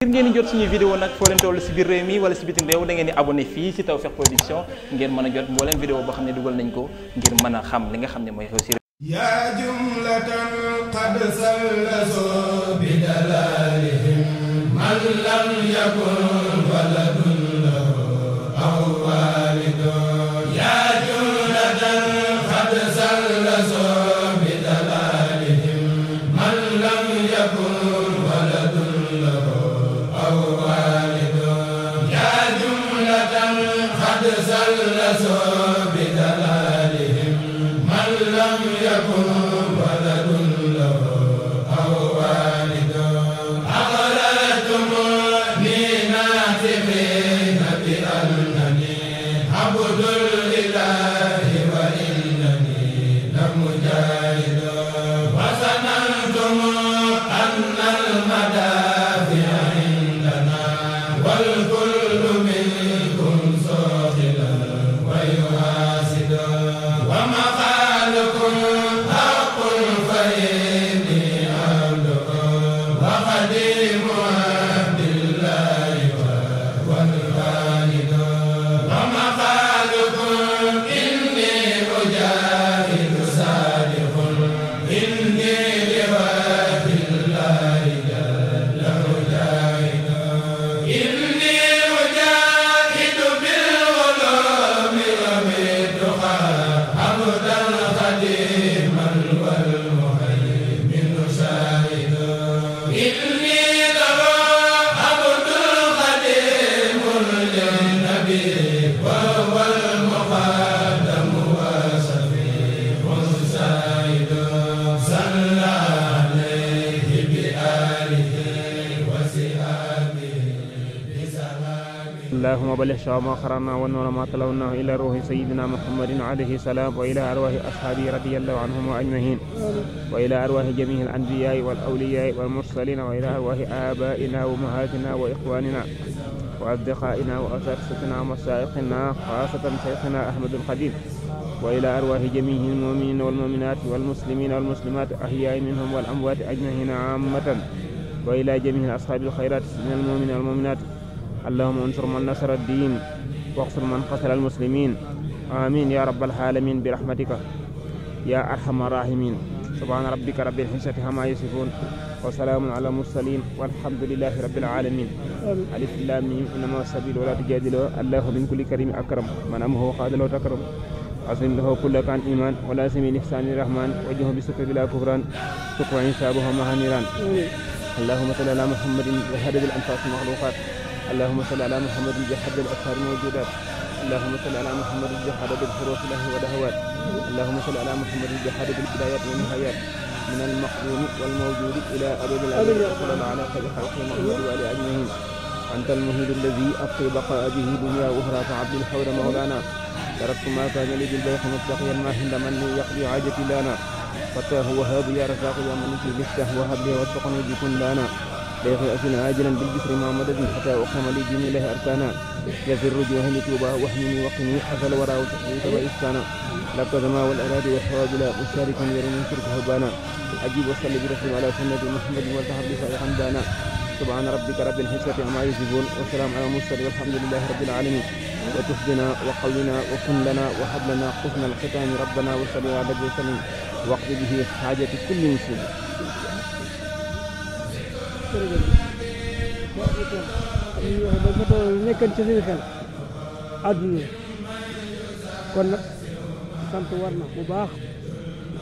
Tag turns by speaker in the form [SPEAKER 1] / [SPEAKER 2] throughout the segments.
[SPEAKER 1] ngir ngeen di jot suñuy vidéo nag foo leen toll si biir réew mi wala si bitim réew da ngeen di abonné fii si Tawfekh Production ngeen mën a jot mbooleem vidéo boo xam ne dugal nañ ko ngir mën a xam li nga xam ne mooy xew si réew yaa jumlatan qad sallaso
[SPEAKER 2] bi dalalihim man lam yakun mu
[SPEAKER 1] وبلغ شرعنا ونور ما تلوناه إلى روح سيدنا محمد عليه السلام وإلى أرواح أصحابه رضي الله عنهم أجمعين وإلى أرواح جميع الأنبياء والأولياء والمرسلين وإلى أرواح آبائنا وأمهاتنا وإخواننا وأصدقائنا وأساتذتنا ومشايخنا خاصة شيخنا أحمد القديم وإلى أرواح جميع المؤمنين والمؤمنات والمسلمين والمسلمات أحياء منهم والأموات أجمعين عامة وإلى جميع أصحاب الخيرات من المؤمنين والمؤمنات allahuma unsur man nasara diin waxsur man xasala almuslimin amin ya rabbal alamin bi rahmatika ya arhamar rahimin subhaana rabbika rabbil izzati amma yasifun wa salaamun ala mursalin walhamdulilahi rabbil alamin alif lam mim innama sabil wala tujadilo allahu min kulli karim akram man amahu qaadalo takram asim lahu kulla kan iman wala simi nihsani rahman wajhu bi sukri bila kufran sukwa insabuhu mahaniran allahumma salli ala muhammadin wa hadabil anfas makhluqat اللهم صل على محمد جحد الأفكار الموجودات اللهم صل على محمد جحد بالحروف له والهوات اللهم صل على محمد جحد بالبدايات والنهايات من المقدوم والموجود إلى أبد الأبد وسلم على خير خلق محمد وآل أجمعين أنت المهيد الذي أبقي بقاء به دنيا أخرى فعبد الحول مولانا تركت ما كان لي بالبيت متقيا ما هند من يقضي حاجتي لنا فتاه وهاب يا رزاق يا منك الافتح وهب لي واتقني بكن لنا بيخ أسن عاجلا بالجسر مع مدد حتى أقام لي دين الله أركانا يسر وجوهي لتوبة وحمني وقني حفل وراء وتحريك وإسكانا لك زما والأراد والحواج لا مشاركا يرمي شرك هبانا أجيب وصل برسم على سنة محمد والتحر بصالح حمدانا سبحان ربك رب العزة عما يصفون وسلام على المرسلين والحمد لله رب العالمين وتحدنا وقلنا وكن لنا وهب لنا حسن الختام ربنا وصل على وسلم واقض به حاجة كل مسلم
[SPEAKER 3] nekkan ci suñu xel adduna kon nag sant war na bu baax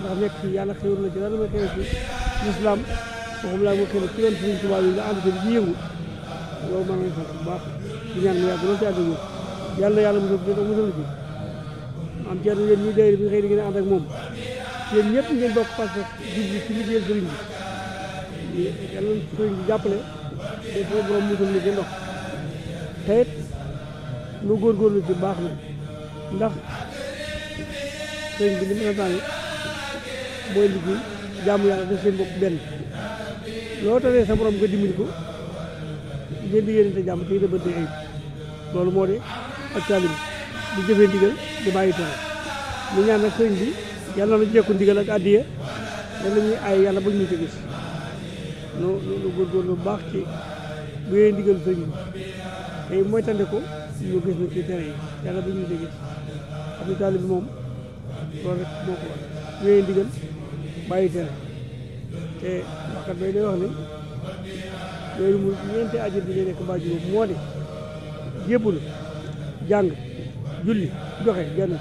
[SPEAKER 3] ndax nekk ci yàlla xewul na ci dara ma xew ci lislaam waxum laa ma xew ci doon suñu tubaab yi nga am ci di yëngu loolu maa ngi mu yàgg loolu ci am ci àdduna yéen ñi dayri bi xëy na ngeen ànd ak moom yéen ñëpp ngeen bokk parce que jublu ci yàlla nañ ko jàppale dafa borom musul ni ci ndox te it nu góorgóorlu baax na ndax sëñ bi li mu nataale mooy liggéey jaamu yàlla benn loo tawee sa borom nga dimbali ko ngeen di yéene te jàmm te rëbbante ay loolu moo de ak taalim di jëfee ndigal di bàyyi tere mu ñaan nag sëñ bi yàlla na jekku ndigal ak addiya yàlla ñuy ay yàlla bu ñu ci gis nu nu góorgóorlu bu baax ci bu yee ndigal sëriñ bi tey moytandi ko ñu gis ni ci tere yi yàlla bu ñu dégg xam ne taalibe moom loolu rek moo ko war bu yee ndigal bàyyi tere te waxkat bay day wax ne loolu ñeenti ajir bi ngay nekk baa juróom moo de jébbalu jàng julli joxe genn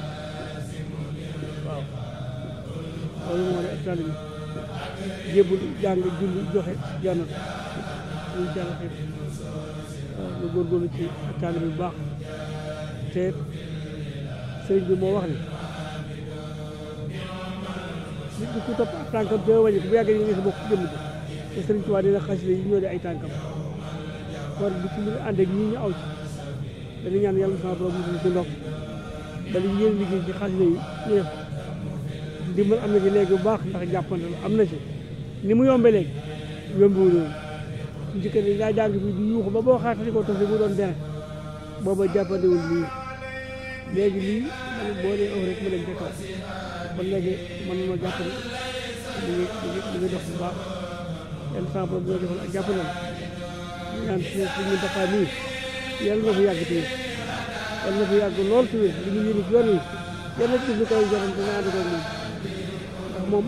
[SPEAKER 3] waaw loolu moo de ak taalibe jébbalu jàng julli joxe jannatu muy jàng xeet waaw ah. lu góorgóorlu ci tànn bi bu baax te sëriñ bi moo wax ni nit ñi ak tànkam te wàññi ko bu yàggee ñu gis bokk jëmm ko te sëriñ Tuubaa dina xasida yi ñoo di ay tànkam kon bu ci mën a ànd ak ñii ñu aw ci dañu ñaan yàlla sama borom mu ci ndox ba li ngeen liggéey ci xasida yi dimbal am na ci léegi bu baax ndax jàppante am na ci ni mu yombe léegi yombiwul woon njëkk ni daa jàng bi di yuuxu ba boo xaatali ko tosi bu doon dene booba jàppandewul lii léegi lii man boo dee aw rek ma dem ca kaw ba léegi man ma jàpp ne mu ngi mu ngi dox bu baax yenn temps boobu ñoo defal ak jàpp na ñu naan su ñu dafaa nii yàlla na fi yàgg tey yàlla na fi yàgg lool tey li ñu yëngu yoon yi yàlla na ci kaw jaram te naa ànd ak moom moom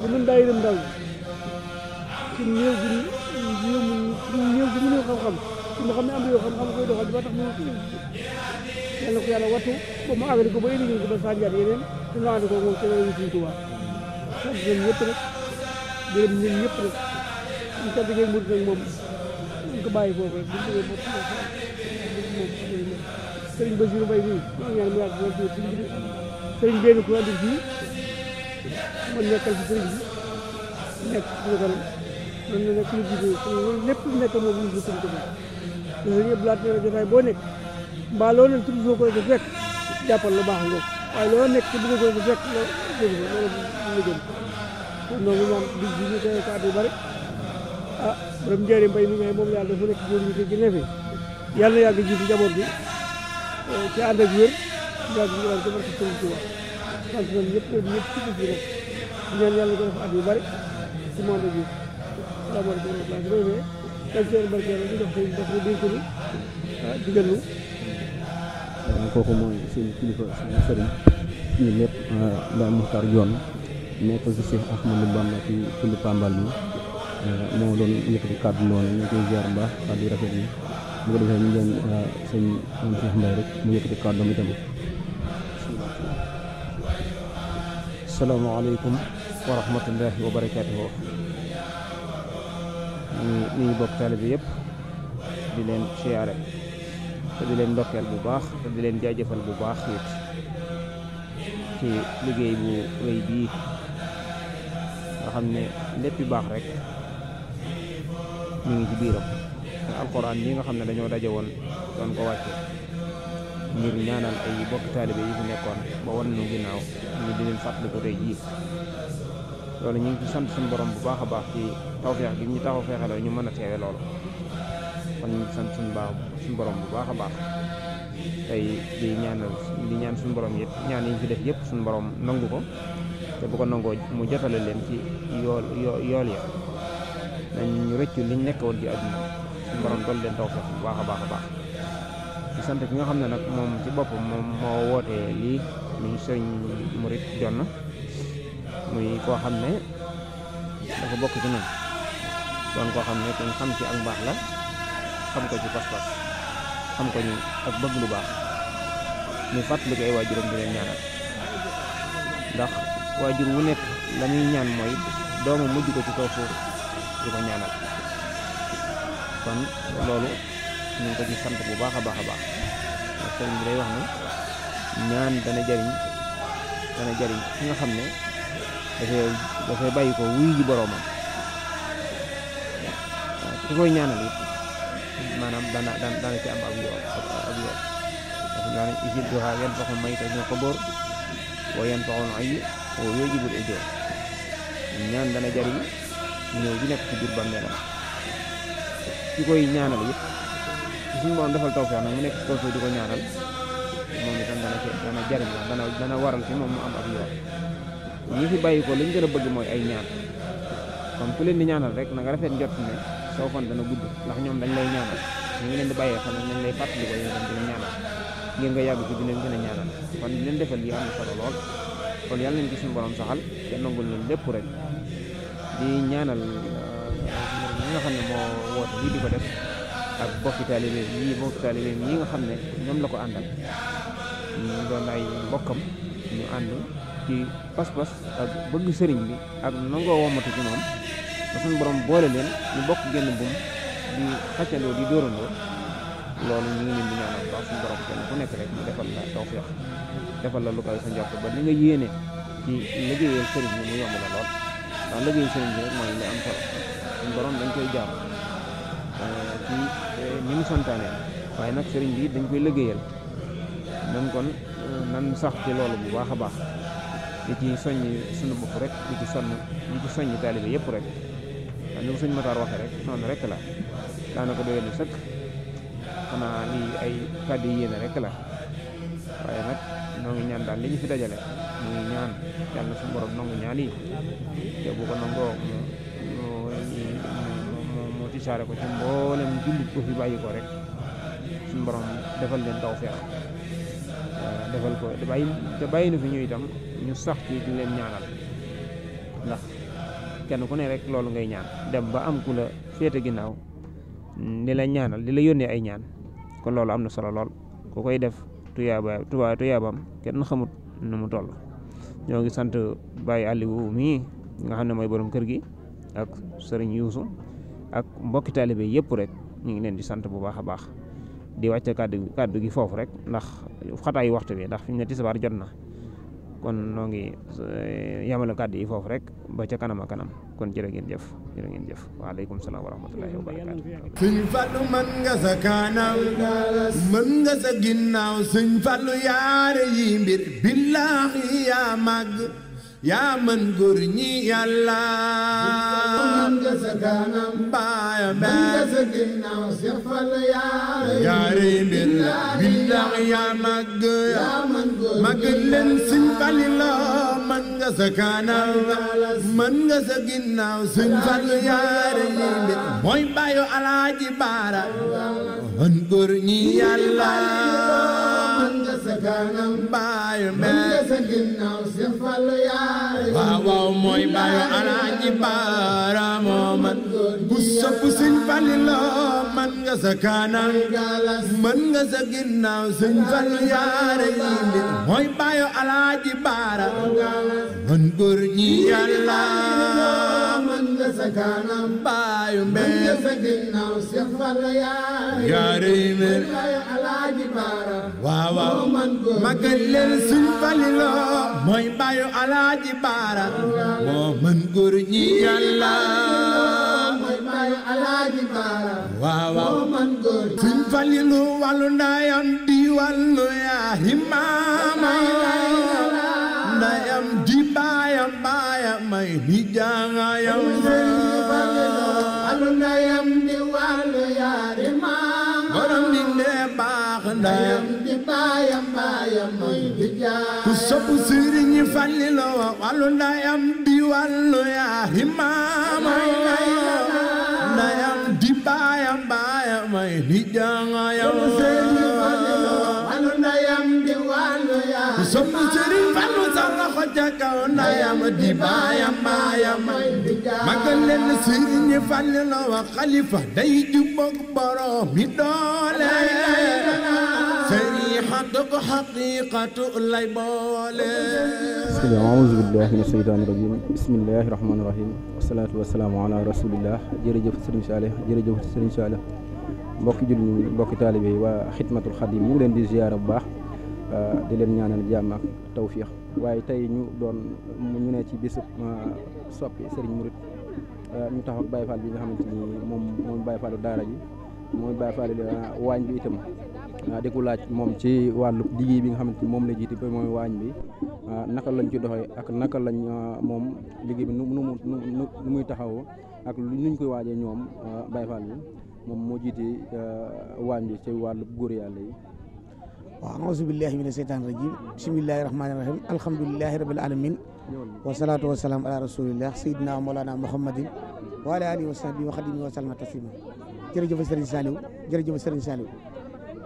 [SPEAKER 3] bu nu daayira ndaw ci néew mu néew bi xam-xam ci nga xam ne am na yoo xam-xam koy doxal ba tax mu yàlla ko yàlla wattu ba mu àggale ko ba indi ko ba sànjaat yeneen te nga ànd ko moom ci loolu Sëriñ Tuubaa sant ñoom ñëpp rek gërëm ñoom ngeen mu nag ko bàyyi foofu rek bu ñu moom ma nekkal ci sëriñ bi nekk suñu nekk lu lépp nekk moom ñu boo nekk mbaa loo lu baax nga waaye loo nekk te bëgg ko def rek loo bi yu bari ah borom njëriñ mbay mi ngay moom yàlla dafa nekk góor ñi gi nefe yàlla na bi eh, ci ànd ak wér yàgg ñu daal di ko barke sëriñ ñaan yàlla ko def at yu bari ci monde bi salaamaaleykum wa ñu ah digal ñu.
[SPEAKER 4] waaw kooku mooy seen kilifa seen sëriñ ñu lépp ah, Baye Moukhtar Dione nekk bi ah, moo doon yëkkati kàddu loolu ñu koy ziar mbaax kàddu
[SPEAKER 1] rafet yi bu ko defee ah, rek mu yëkkati kàddu mi tamit. salaamaaleykum. wa rahmatullahi wa barakaatuhu ñu ñuy bokk taalibe yëpp di leen siyaare te di leen ndokkeel bu baax di leen jaajëfal bu baax it ci liggéey bu rëy bii nga xam ne lépp léppi baax rek ñu ngi ci biiram te alquran nga xam ne dañoo daje woon doon ko wàcce ngir ñaanal ay bokk taalibe yi fi nekkoon ba wan nu ginnaaw ñu di leen fàttali ko tey jii loolu ñu ngi ci sant suñu borom bu baax a baax ci tawfeex gi ñu taxaw la ñu mën a teewe loolu kon ñu sant suñu baax suñu borom bu baax a baax tey di ñaanal di ñaan suñu borom yëpp ñaan yi ñu fi def yëpp suñu borom nangu ko te bu ko nangoo mu jotale leen ci yool yool ya nañ ñu rëccu liñ nekkoon ci àdduna suñu borom dool leen tawfeex bu baax a baax a baax di sant ki nga xam ne nag moom ci boppam moom moo wootee lii muy sëñ murit na muy koo xam ne dafa bokk ci noonu doon koo xam ne kon xam ci ak mbaax la xam ko ci pas-pas xam ko ñu ak bëgg lu baax muy fàttali ko ay waajuram di leen ñaanal ndax waajur wu nekk la ñaan mooy doomam mujj ko ci kaw foofu di ko ñaanal kon loolu ñu ngi ko ci sant bu baax a baax a baax ndax sëriñ bi day wax ne ñaan dana jariñ dana jariñ ki nga xam ne dafay dafay bàyyi ko wuy ji boroomam waaw ki koy ñaanal it maanaam dana dana ci am ak yoon ak yoon ko bóor wa yan faxul ayi wa yujibul ñaan dana jariñ ñëw ji nekk ci biir bàmmeelam ki koy ñaanal it suñu nag mu nekk ci tawfeex di ko ñaanal moom dana jariñ dana waral ci moom mu am ak yoon ñi fi bàyyi ko li ñu gën a bëgg mooy ay ñaan kon ku leen di ñaanal rek na nga rafet njot ne soo fan dana gudd ndax ñoom dañ lay ñaanal ñu ngi leen di bàyyee xam ne dañ lay fàttali ko yéen dina ñaanal ngir nga yàgg ci kon li leen defal lii am na solo lool kon yàlla nañ ci suñu borom saxal te nangul leen lépp rek di ñaanal euh, ñi nga xam ne moo woote lii di ko def ak bokki taalibe yi bokki taalibe yi nga xam ne ñoom la ko àndal ñu doon ay mbokkam ñu ànd ci pas-pas ak bëgg sëriñ bi ak nangoo womatu ci moom ba suñu borom boole leen ñu bokk génn bum di xàccaloo di dóorandoo loolu ñu ngi leen di ñaanal baax nekk rek mu defal la la lu kaw sa ba li nga yéene ci liggéeyal sëriñ bi mu yomb la lool borom dañ koy jaam eh, ci eh, ni mu santaanee waaye nag sëriñ bi dañ koy liggéeyal dañ kon eh, nan sax ci loolu bu baax a baax di ci soññi sunu bopp rek di ci sonn di ci soññi yëpp rek ni ko suñ mataar waxee rek noonu rek la daanaka doyoon na sëkk xanaa lii ay kàddu yéene rek la waaye nag noo ngi ñaan daal li ñu fi dajale mu ngi ñaan yàlla na suñu borom nangu ñaan yi te bu ko nangoo mu tisaare ko ci mboolem jullit ko fi bàyyi ko rek suñu borom defal leen tawfeex defal ko te bàyyi te bàyyi na fi ñu itam ñu sax ci di leen ñaanal ndax kenn ku ne rek loolu ngay ñaan dem ba am ku la féete ginnaaw di la ñaanal di la yónnee ay ñaan kon loolu am na solo lool ku koy def tuyaaba tuba tuyaabam kenn xamut nu mu toll ñoo ngi sant Baye Aliou mii nga xam ne mooy borom kër gi ak sëriñ Yuusu ak mbokki taalibe yëpp rek ñu ngi leen di sant bu baax a baax di wàcce kàddu kàddu gi foofu rek ndax xataayu waxtu bi ndax fi mu ne jot na kon noo ngi eh, yamale yi foofu rek ba ca kanam a kanam kon jërë ngeen jëf jërë ngeen jëf waaleykum salaam wa
[SPEAKER 3] Fallu
[SPEAKER 5] mën nga sa kaanaaw mën Fallu yaare yi mbir billaahi yaa mën góor ñi yàlla mën nga sa kanam baayam mën nga sa ginnaaw sefal yaare mbir billax yaa màgg màgg leen suñ fali la mën nga sa kanam mën nga sa ginnaaw suñ fal yaare mbir mooy baayu alaaji baara mën góor ñi yàlla yaayu alaaji baaraamu man bu sopp man nga sa man nga sa ginnaaw sëñ Fallu yaare yi ndi mooy baayu alaaji baara man góor ñi sa kanam baayu mbéy sa ginnaaw Seex Falla alaaji baara waaw waaw magal ndaayam di wàllu yaa himaama may di jaayal ndeyam di wàllu yaari maam borom bi ndee baax ndeyam di baayam baayam mooy di jaayal ku sopp sëriñ Fallilu wàllu ndeyam di wàllu di baayam baayam mooy di jaayal sëpp sëriñ Fallu sax la ko ca kaw ndayam di baayam baayam magal leen sëriñ Fallu la wax xalifa day jubboog borom mi doole sariixatug xaqiiqatu lay boole
[SPEAKER 4] auzu billaahi mina seytaani rajiim bismillaahi rahmaani rahiim wasalaatu wasalaamu ala rasuulillaah jërëjëf sëriñ Saalix jërëjëf sëriñ Saalix mbokki jullit ñi mbokki taalibe yi waa xidmatul xadim mu ngi leen di ziyaara bu baax Euh, di leen ñaanal jàmm ak tawfiix waaye tey ñu doon ñu ne ci bisub euh, soppi Serigne Mouride euh, ñu taxaw ak Baye bi nga xamante ni moom mooy mooy Baye Fallu waañ bi itam di ko moom ci wàllu liggéey bi nga xamante ni moom la jiite moom waañ bi naka lañ ci doxee ak naka lañ moom liggéey bi nu nu nu muy taxaw ak nuñ koy waajee ñoom Baye Fall bi moom moo jiite waañ bi ci wàllu góor yàlla yi. waaw auzu
[SPEAKER 6] billahi mina seytaani rajim bismillahi rahmaani rahim alhamdulilahi rabil alamin wasalaatu wasalaam ala rasulillah sayidina moolana muhammadin wa ala alihi waa sahbihi wa xadimi wa salama taslima jërëjëf sëriñ Saliou jërëjëf sëriñ Saliou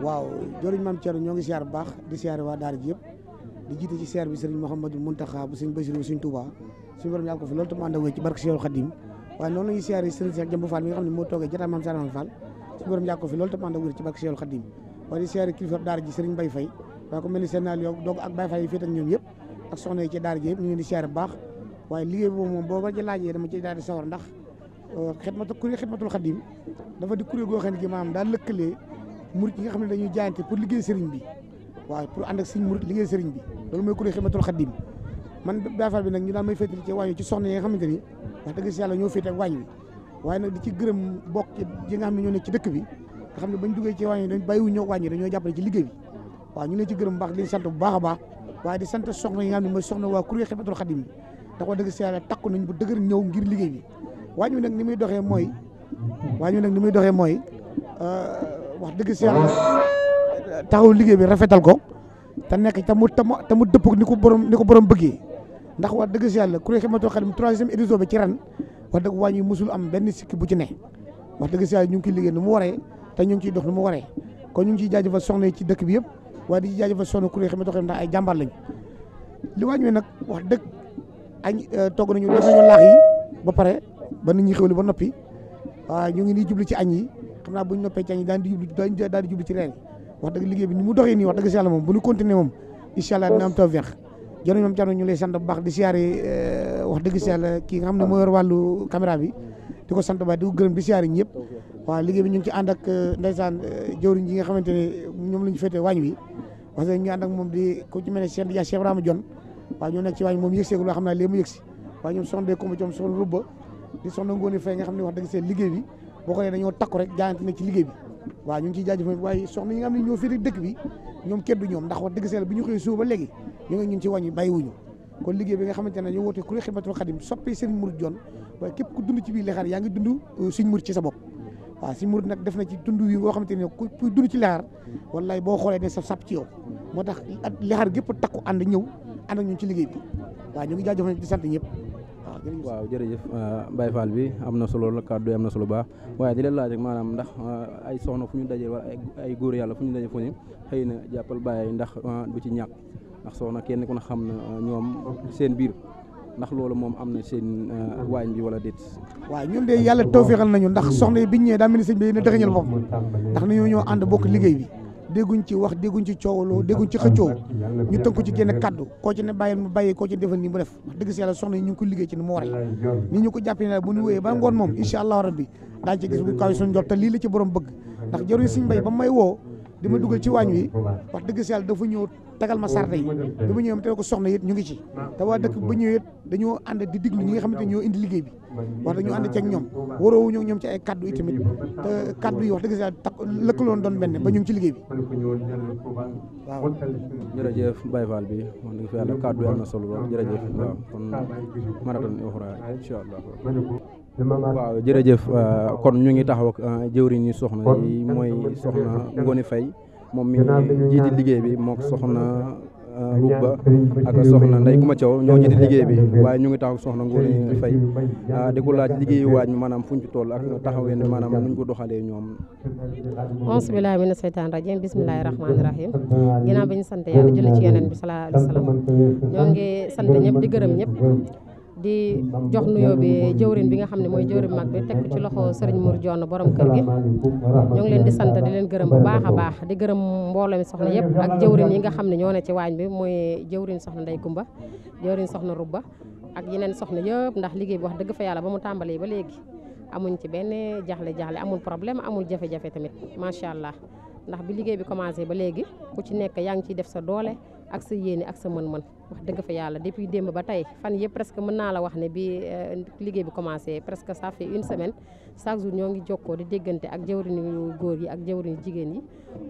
[SPEAKER 6] waaw joriñ maam Thierno ñoo ngi siyaar bu baax di siyaare waa daara ji yëpp di jiite ci siyaar bi sëriñ Mouhamadou Mountakha bu sëriñ Bassirou sëriñ Touba suñu borom yàlla ko fi loolu tam ànd ak ci barke Seexul Xadim moo toogee jotaay maam Saliou Xadim war di seere kilifa daara ji sëriñ Bay Fay waaye ko mel ni seen naal yow doog ak Bay Fay yi féet ak ñoom yëpp ak soxna yi ci daara ji yëpp euh, ne gi maanaam daal lëkkalee murit yi nga xam ne dañuy jaayante pour pour ànd ak sëriñ bi loolu mooy kuréel xidmatul xadim man Baay Faal bi nag ñu daan may nga xamante ni wax dëgg si yàlla ñoo féete ak waañ wi waaye nag di ci gërëm bokk yi xam ne ñoo nekk bi xam ne bañ duggee ci wàññi dañ bàyyiwu ñoo wàññi dañoo jàppale ci liggéey bi waaw ñu ngi leen ci gërëm sant bu baax a baax waaye di sant soxna yi nga xam ne mooy soxna waa kuréel Xidmatul Xadim bi ndax wax dëgg si yàlla takku nañ bu dëgër ñëw ngir liggéey bi wàññi nag ni muy doxee mooy wàññi nag ni muy doxee mooy euh, wax dëgg si taxaw liggéey bi rafetal ko te nekk te mu te mu dëpp ni ko borom ni ko borom bëggee ndax wax dëgg si yàlla kuréel Xidmatul Xadim troisième édition bi ci ren waa dëgg wàññi musul am benn sikki bu ci ne wax dëgg si yàlla ñu ngi koy liggéey nu mu waree te ñu ngi ciy dox nu mu waree kon ñu ngi ciy jaajëfal soxna yi ci dëkk bi yëpp waaye di ci jaajëfal soxna kuréel xam ne doxee ndax ay jàmbaar lañ li wàññi we nag wax dëgg añ euh, togg nañu def nañu laax yi ba pare ba nit noppi waaw ñu ngi nii jublu ci añ yi xam naa bu ñu noppee ci añ yi daan di jublu di jublu ci reer wax dëgg liggéey bi ni mu doxee nii wax dëgg si moom bu ñu continuer moom incha allah dina am tawfeex jërëjëf moom Thierno ñu lay sant bu baax di siyaare euh, wax dëgg si kii nga xam ne moo wàllu caméra bi di ko sant ba di ko gërëm di siyaari ñëpp waaw liggéey bi ñu ngi ci ànd ak euh, ndeysaan euh, ji nga xamante ne ñoom la ñu féetee waañ wi parce que ñu ànd ak moom di ku ci mel ne Cheikh Dia Cheikh Rama Dione xam naa léegi mu yëgsi waaye ñoom soxna dee Fay nga xam ne wax dëgg seen liggéey bi boo ko nee dañoo takku rek jaayante ci liggéey bi waaw ñu ngi ciy jaajëfal waaye soxna yi nga xam ne ñoo féetee dëkk bi ñoom keddu ñoom ndax wax dëgg seen bi ñu xëy suba ba léegi ñu ngi ñun ci wàññi bàyyiwuñu kon liggéey bi nga xamante ne ñu woote kuréel Xidmatul Xadim soppi Serigne Mouride Dione waaye képp ku dund ci biir lexaar yaa ngi dund euh, Serigne Mouride ci sa bopp waaw Serigne Mouride nag def na ci dund wi boo xamante ne ku dund ci lexaar wallaay boo xoolee ne sa ci yow moo tax lexaar gépp takku ànd ñëw ànd ak ci liggéey bi waaw ñu ngi jaajëfal di sant ñëpp
[SPEAKER 4] waaw jërëjëf euh, Baye Fall bi am na solo la kàddu am na solo baax waaye di leen laaj rek maanaam ndax euh, ay soxna fu ñu dajee wala ay góor yàlla fu ñu dajee fu xëy na jàppal bàyyi ndax du ci ñàkk ndax soxna kenn ku ne xam na euh, ñoom seen biir ndax loolu moom am na seen euh, waañ bi
[SPEAKER 6] wala déet waaw ñun de yàlla tawféexal nañu ndax soxna yi biñ ñëwee daa mel ni sëñ bi na dëxëñal boppam ndax nañoo ñoo ànd ci wax dégguñ ci coowaloo dégguñ ci xëccoo ñu tënku ci génn kàddu koo ci ne bàyyil mu bàyyi koo ci defal nii mu def wax dëgg si yàlla soxna yi ñu ko liggéey ci ni mu waree ni ñu ko jàppee ne bu ñu ci gis bu kaw suñu jot te lii la ci borom bëgg ndax jëruñ suñ mbay ba may woo di ma dugal ci waañ wi mm-hmm. wax dëgg si yàlla dafa ñëw tagal ma sarde yi mm-hmm. mm-hmm. bi ma ñëwee tegal ko soxna it ñu ngi ci te waa dëkk ba ñëwee it dañoo ànd di diglu ñi nga xamante ñoo indi liggéey bi wax dañoo ànd ceeg ñoom waroowu ñoom ci ay kaddu itamit te kaddu yi wax dëgg si yàlla tak lëkkaloon doon benn ba ñu ngi ci liggéey
[SPEAKER 4] bi waaw jërëjëf Baye Fall na solo lool jërëjëf waaw kon maraton oxra incha allah waaw jërëjëf euh, kon ñu ngi taxaw ak euh, jëwriñ yi soxna yi mooy soxna Ngoni fay moom mi jiiti liggéey bi mook soxna Rubba euh, ak soxna Ndeye Kuma Thiaw ñoo jiiti liggéey bi waaye ñu ngi taxaw ak soxna Ngoni Faye di ko laaj liggéeyu waaj mi maanaam fuñ ci toll ak taxaween maanaam nuñ ko doxalee ñoom auzu
[SPEAKER 7] billaahi mina seytaan rajim bismillaahi rahmaani rahim ginnaaw bi ñu sant yàlla julli ci yeneen bi salaa alayhi salaam ñoo ngi sant ñëpp di gërëm ñëpp di jox nuyoo bi jëwrin bi nga xam ne mooy jëwrin mag bi teg ci loxo sëriñ Mour Dione borom kër gi
[SPEAKER 1] ñoo ngi leen di sant di
[SPEAKER 7] leen gërëm bu baax a baax di gërëm mbooloo mi soxna yëpp ak jëwrin yi nga xam ne ñoo ne ci waañ bi mooy jëwrin soxna Ndey Kumba jëwrin soxna Rubba ak yeneen soxna yëpp ndax liggéey bi wax dëgg fa yàlla ba mu tàmbalee ba léegi amuñ ci benn jaxle-jaxle amul problème amul jafe-jafe tamit macha allah ndax bi liggéey bi commencé ba léegi ku ci nekk yaa ngi ciy def sa doole ak sa yéene ak sa mën-mën wax dëgg fa yàlla depuis démb ba tey fan yëpp presque mën naa la wax ne bi euh, liggéey bi commencé presque ça fait une semaine chaque jour ñoo ngi jokkoo di déggante ak jawriñu góor yi ak jawriñu jigéen yi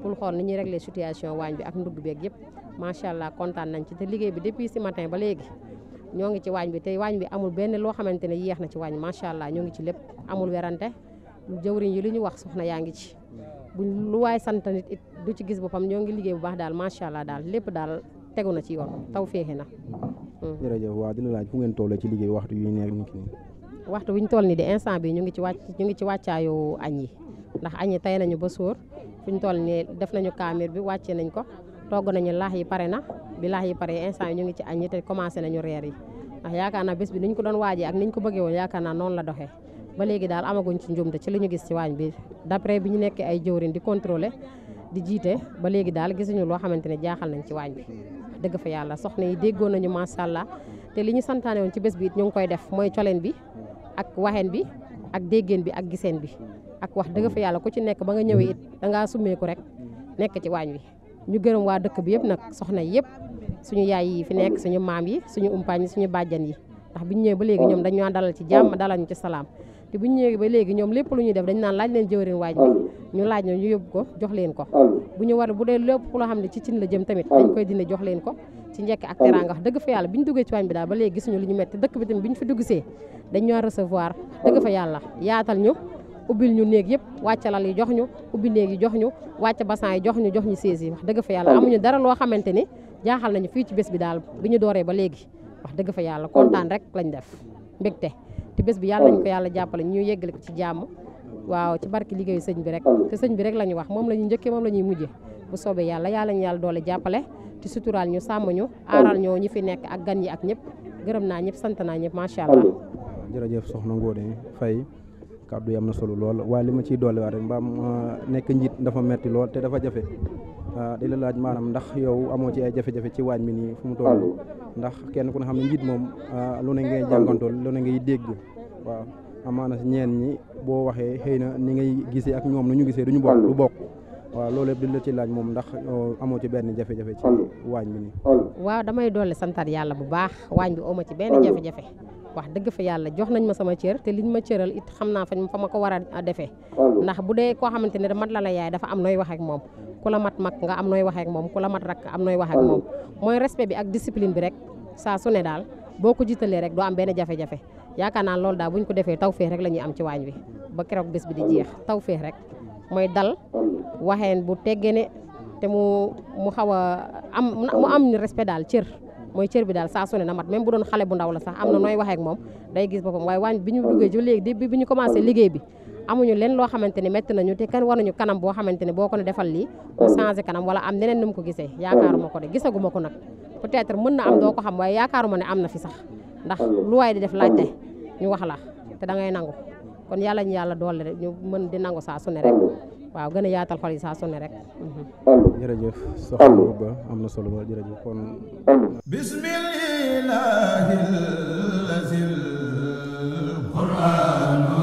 [SPEAKER 7] pour xool ni ñuy régler situation waañ bi ak ndugg beeg yëpp macha allah kontaan nañ ci te liggéey bi depuis ce matin ba léegi ñoo ngi ci waañ bi te waañ bi amul benn loo xamante ne yeex na ci waañ macha allah ñoo ngi ci lépp amul werante jawriñ yi li ñu wax soxna yaa ngi ci buñ lu waaye sant nit it du ci gis boppam ñoo ngi liggéey bu baax daal macha allah daal lépp daal tegu na ci yoon taw feexe na. Hmm.
[SPEAKER 4] jërëjëf waaw dina laaj fu ngeen ci liggéey waxtu yu nekk nit ñi.
[SPEAKER 7] waxtu bu ñu toll nii de instant bi ñu ngi ci wàcc ñu ngi ci wàccaayu añ ndax añ yi tey nañu ba sóor fu ñu toll nii def nañu kaamir bi wàcce nañ ko togg nañu laax yi pare na bi laax yi pare instant yi ñu ngi ci añ te commencé nañu reer yi ndax yaakaar naa bés bi niñ ko doon waajee ak niñ ko bëggee woon yaakaar naa la doxee ba léegi daal amaguñ ci njumte ci li ñu gis ci waañ bi d'après bi ñu nekkee ay jëwrin di contrôler di jiite ba léegi daal gisuñu loo xamante ne jaaxal nañ ci waañ bi dëgg fa yàlla soxna yi déggoon nañu macha allah te li ñu santaane woon ci bés bi it ngi koy def mooy coleen bi ak waxeen bi ak déggeen bi ak giseen bi ak wax dëgg fa yàlla ku ci nekk ba nga ñëwee it summeeku rek nekk ci waañ wi ñu gërëm waa dëkk bi yëpp nag soxna yëpp suñu yaay yi fi nekk suñu maam yi suñu umpaañ yi suñu bàjjan yi ndax biñu ñëwee ba léegi ñoom dañu dalal ci jàmm dalal ñu ci salaam ñu ñëwee ba léegi ñoom lépp lu ñuy def dañ naan laaj leen jëwrin waaj bi ñu laaj na ñu yóbbu ko jox leen ko bu ñu war bu dee lépp loo xam ne ci cin la jëm tamit dañ jox leen ko ci njekk ak teraanga wax fa yàlla bi ñu duggee ci waañ bi daal ba léegi lu ñu metti dëkk bi ñu fi duggsee dañ ñoo recevoir dëgg fa yàlla yaatal ñu ubbil ñu néeg yëpp wàcca lal yi jox ñu ubbi néeg yi jox ñu wàcca bassan yi jox ñu jox ñu sées yi wax dëgg fa yàlla amuñu dara loo xamante ni jaaxal nañu fii ci bés bi daal bi ñu dooree ba léegi wax dëgg fa yàlla kontaan rek lañ def mbégte te bés bi yàlla nañ ko yàlla jàppale ñu yeggale ko ci jàmm waaw ci barki liggéeyu sëñ bi rek te sëñ bi rek la ñu wax moom la ñuy njëkkee moom la ñuy mujjee bu soobee yàlla yàlla ñu yàlla doole jàppale te suturaal ñu sàmm ñu aaral ñoo ñi fi nekk ak gan yi ak ñëpp gërëm naa ñëpp sant naa ñëpp macha allah.
[SPEAKER 4] jërëjëf soxna Ngoné Faye kàddu yi am na solo lool waaye li ma ciy dolliwaat rek mbaam nekk njiit dafa metti lool te dafa jafe Ah, di la laaj maanaam ndax yow amoo ci ay jafe-jafe ci waañ mi nii fu mu toll ndax kenn ku ne xam ne njiit moom ah, lu ne ngay jàngantool lu ne ngay dégg waaw amaana ñeen ñi boo waxee xëy na ni ngay gisee ak ñoom nu ñu gisee ñu bokk du bokk waaw loolu yëpp di ci laaj moom ndax oh, amoo ci benn jafe-jafe ci waañ mi nii
[SPEAKER 7] waaw damay doole santaat yàlla bu baax waañ bi amoo ci benn jafe-jafe wax dëgg fa yàlla jox nañ ma sama cër te liñ ma cëral it xam naa fañ fa ma ko war a defee ndax bu dee koo xamante ne mat la la yaay dafa am nooy wax ak moom ku la mat mag nga am nooy wax ak moom ku mat rakk am nooy wax ak moom mooy respect bi ak discipline bi rek saa su ne daal boo ko jiitalee rek doo am benn jafe-jafe yaakaar naa loolu daal buñ ko defee taw féex rek la am ci waañ wi ba keroog bés bi di jeex taw fee rek mooy dal waxeen bu ne te mu mu xaw a am mu am respect daal cër mooy cër bi daal saa su ne na mat même bu doon xale bu ndaw la sax am na nooy waxee ak moom day gis boppam waaye waañ bi ñu duggee ju léegi di bi ñu commencé liggéey bi loo xamante ne métti nañu te kan war nañu kanam boo xamante ne boo ko ne defal changé kanam wala am neneen nu mu ko gisee yaakaaruma ko de gisaguma ko nag peut-être mën na am doo ko xam waaye yaakaaruma ne am na fi sax ndax lu waaye di def laajte ñu wax la te da ngay nangu kon yàlla ñu yàlla doole rek ñu mën di nangu saa ne rek waaw gën a yaatal xol yi ne rek
[SPEAKER 4] jërëjëf soxna ba am na solo ba jërëjëf kon
[SPEAKER 5] bismillahil
[SPEAKER 7] lazil
[SPEAKER 2] qur'an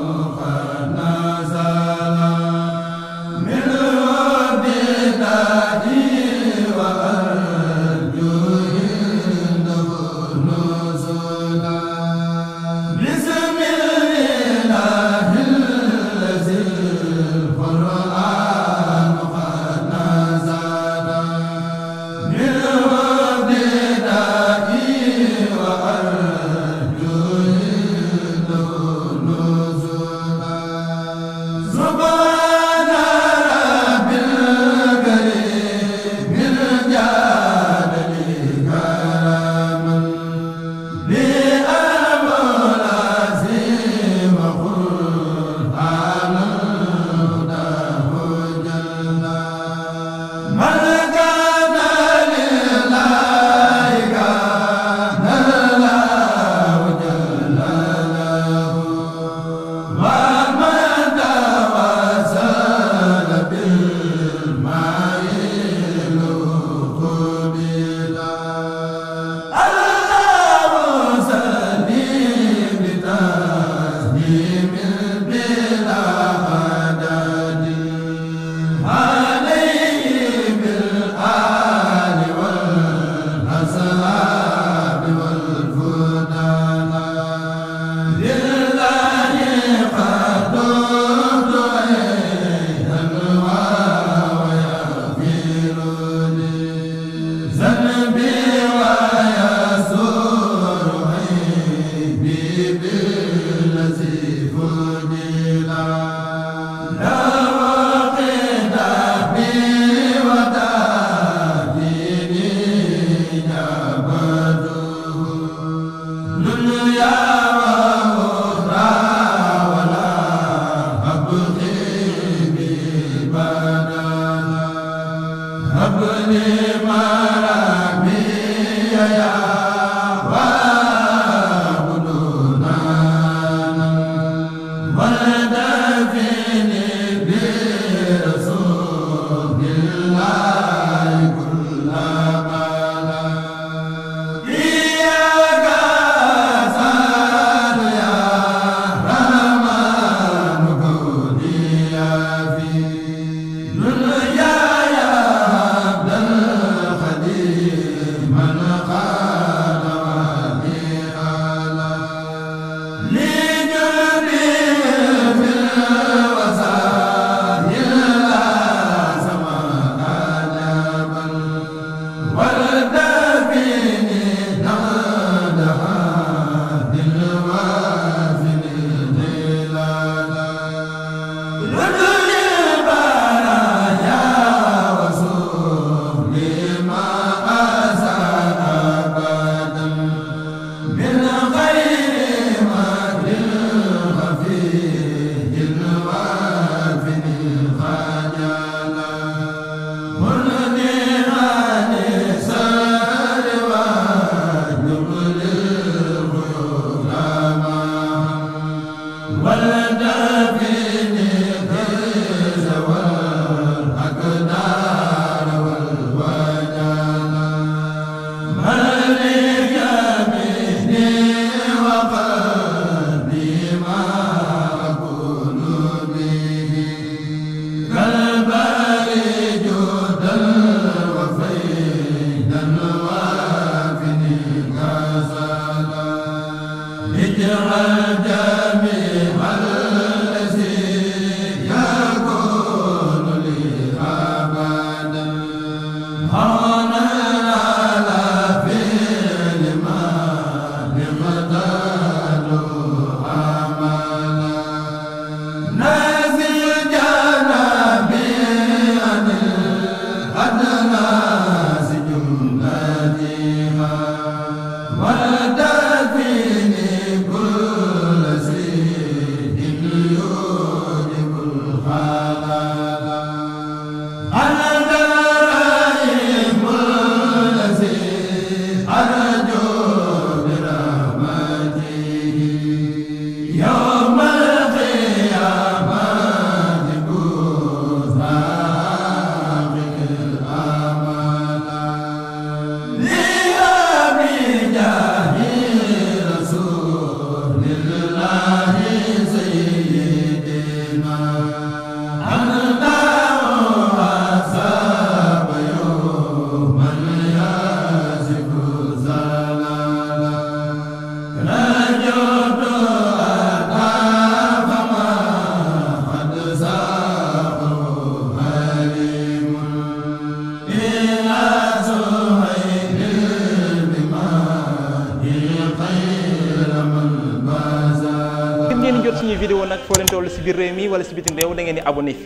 [SPEAKER 2] bi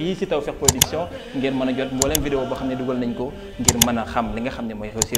[SPEAKER 1] fii si Tawfekh Production ngeen mën a jot mboolem vidéo boo xam ne dugal nañ ko ngir mën a xam li nga xam ne mooy réussir